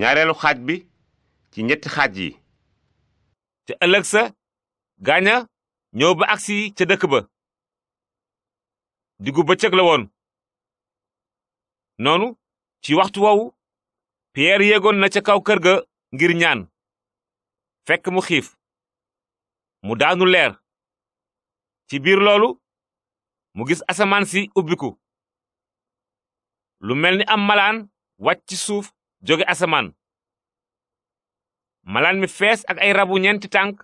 ñaareelu xaaj bi ci ñetti xaaj yi te ëllëg sa gaaña ñëw ba agsi ca dëkk ba diggu ba la woon noonu ci waxtu wowu piyeer yéegoon na ca kaw kër ga ngir ñaan fekk mu xiif mu daanu leer ci biir loolu mu gis asamaan si ubbiku lu mel ni am malaan wàcc ci suuf jóge asamaan malaan mi fees ak ay rabu ñeenti tànk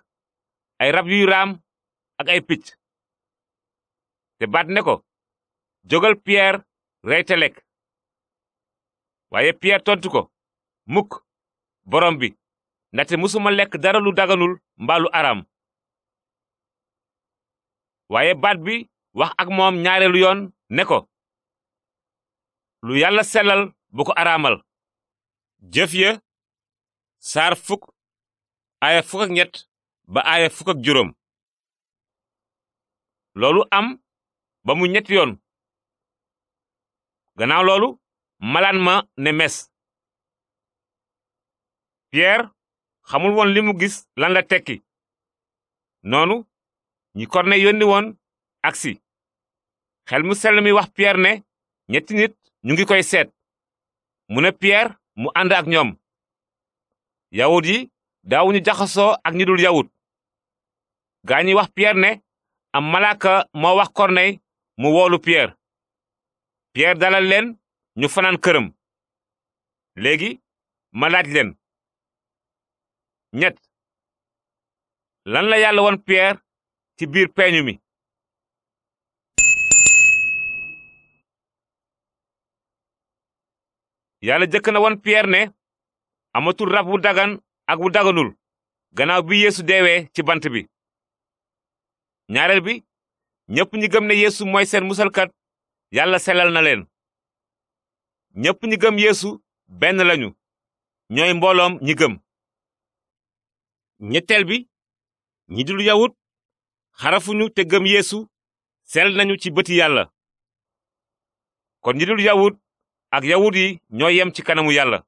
ay rab yuy raam ak ay picc te baat ne ko jógal piyeer rey te lekk waaye piyeer tontu ko mukk borom bi ndaxte musuma lekk dara lu daganul mbaa lu araam waaye baat bi wax ak moom ñaareelu yoon ne ko lu yàlla selal bu ko araamal jëf ya saar fukk aaya fukk ak ñett ba aaya fukk ak juróom loolu am ba mu ñett yoon gannaaw loolu malaan ma ne mes Pierre xamul woon li mu gis lan la tekki noonu ñi Korne yónni woon agsi xel mu sell mi wax Pierre ne ñetti nit ñu ngi koy seet mu ne mu ànd ak ñoom yawut yi daawuñu jaxasoo ak ñi dul yawut gaa ñi wax Pierre ne am malaaka moo wax Corneille mu woolu Pierre Pierre dalal leen ñu fanaan këram léegi ma laaj leen ñett lan la yàlla woon Pierre ci biir peeñu mi yàlla jëkk na won Pierre ne amatul rab wu dagan ak wu daganul gannaaw bi yéesu deewee ci bant bi ñaareel bi ñépp ñi gëm ne yéesu mooy seen musalkat yàlla selal na leen ñépp ñi gëm yeesu benn lañu ñooy mbooloom ñi gëm ñetteel bi ñi dul yawut xarafuñu te gëm yéesu sel nañu ci bëti yàlla kon ñi yawut ak yawut ñoo yem ci kanamu yàlla